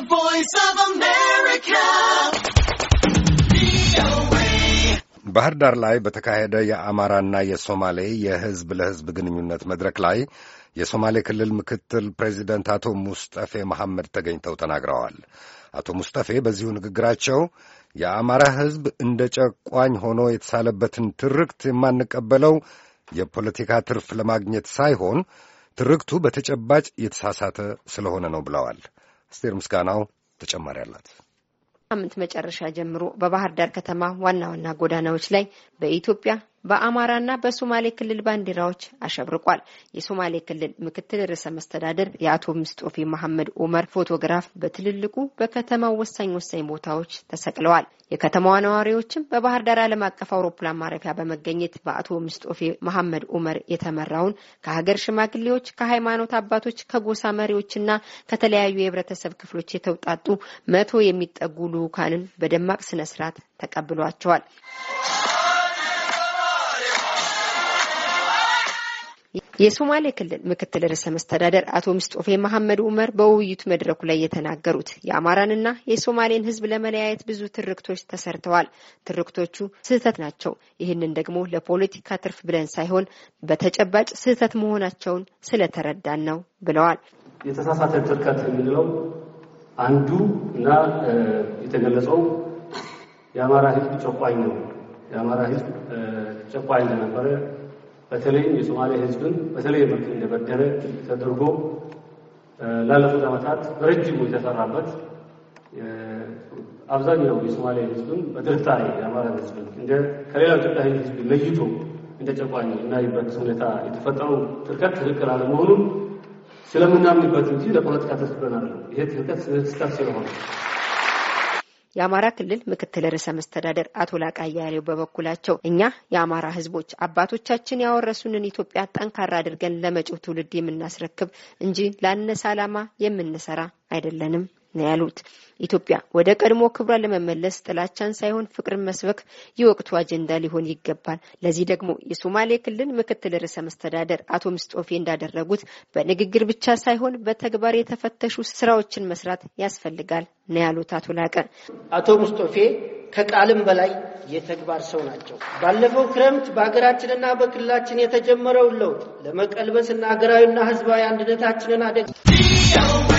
The ባህር ዳር ላይ በተካሄደ የአማራና የሶማሌ የህዝብ ለህዝብ ግንኙነት መድረክ ላይ የሶማሌ ክልል ምክትል ፕሬዚደንት አቶ ሙስጠፌ መሐመድ ተገኝተው ተናግረዋል። አቶ ሙስጠፌ በዚሁ ንግግራቸው የአማራ ህዝብ እንደ ጨቋኝ ሆኖ የተሳለበትን ትርክት የማንቀበለው የፖለቲካ ትርፍ ለማግኘት ሳይሆን ትርክቱ በተጨባጭ የተሳሳተ ስለሆነ ነው ብለዋል። አስቴር ምስጋናው ተጨማሪ አላት። ሳምንት መጨረሻ ጀምሮ በባህር ዳር ከተማ ዋና ዋና ጎዳናዎች ላይ በኢትዮጵያ በአማራና በሶማሌ ክልል ባንዲራዎች አሸብርቋል። የሶማሌ ክልል ምክትል ርዕሰ መስተዳደር የአቶ ምስጦፌ መሐመድ ኡመር ፎቶግራፍ በትልልቁ በከተማው ወሳኝ ወሳኝ ቦታዎች ተሰቅለዋል። የከተማዋ ነዋሪዎችም በባህር ዳር ዓለም አቀፍ አውሮፕላን ማረፊያ በመገኘት በአቶ ምስጦፌ መሐመድ ኡመር የተመራውን ከሀገር ሽማግሌዎች፣ ከሃይማኖት አባቶች፣ ከጎሳ መሪዎችና ከተለያዩ የህብረተሰብ ክፍሎች የተውጣጡ መቶ የሚጠጉ ልኡካንን በደማቅ ስነስርዓት ተቀብሏቸዋል። የሶማሌ ክልል ምክትል ርዕሰ መስተዳደር አቶ ምስጦፌ መሐመድ ኡመር በውይይቱ መድረኩ ላይ የተናገሩት የአማራንና የሶማሌን ሕዝብ ለመለያየት ብዙ ትርክቶች ተሰርተዋል። ትርክቶቹ ስህተት ናቸው። ይህንን ደግሞ ለፖለቲካ ትርፍ ብለን ሳይሆን በተጨባጭ ስህተት መሆናቸውን ስለተረዳን ነው ብለዋል። የተሳሳተ ትርከት የምንለው አንዱ እና የተገለጸው የአማራ ሕዝብ ጨቋኝ ነው። የአማራ ሕዝብ ጨቋኝ እንደነበረ በተለይም የሶማሌ ህዝብን በተለይ መልክ እንደበደለ ተደርጎ ላለፉት ዓመታት በረጅሙ የተሰራበት አብዛኛው የሶማሌ ህዝብን በጥርጣሬ የአማራ ህዝብ እንደ ከሌላው ኢትዮጵያ ህዝብ ለይቶ እንደ ጨቋኝ እናይበት ሁኔታ የተፈጠረው ትርከት ትክክል አለመሆኑን ስለምናምንበት እንጂ ለፖለቲካ ተስበናል። ይሄ ትርከት ስህተት ስለሆነ የአማራ ክልል ምክትል ርዕሰ መስተዳደር አቶ ላቃ አያሌው በበኩላቸው እኛ የአማራ ህዝቦች አባቶቻችን ያወረሱንን ኢትዮጵያ ጠንካራ አድርገን ለመጪው ትውልድ የምናስረክብ እንጂ ላነሰ ዓላማ የምንሰራ አይደለንም ነው ያሉት። ኢትዮጵያ ወደ ቀድሞ ክብሯ ለመመለስ ጥላቻን ሳይሆን ፍቅርን መስበክ የወቅቱ አጀንዳ ሊሆን ይገባል። ለዚህ ደግሞ የሶማሌ ክልል ምክትል ርዕሰ መስተዳደር አቶ ምስጦፌ እንዳደረጉት በንግግር ብቻ ሳይሆን በተግባር የተፈተሹ ስራዎችን መስራት ያስፈልጋል ነው ያሉት አቶ ላቀ። አቶ ምስጦፌ ከቃልም በላይ የተግባር ሰው ናቸው። ባለፈው ክረምት በሀገራችንና በክልላችን የተጀመረውን ለውጥ ለመቀልበስና ሀገራዊና ህዝባዊ አንድነታችንን አደግ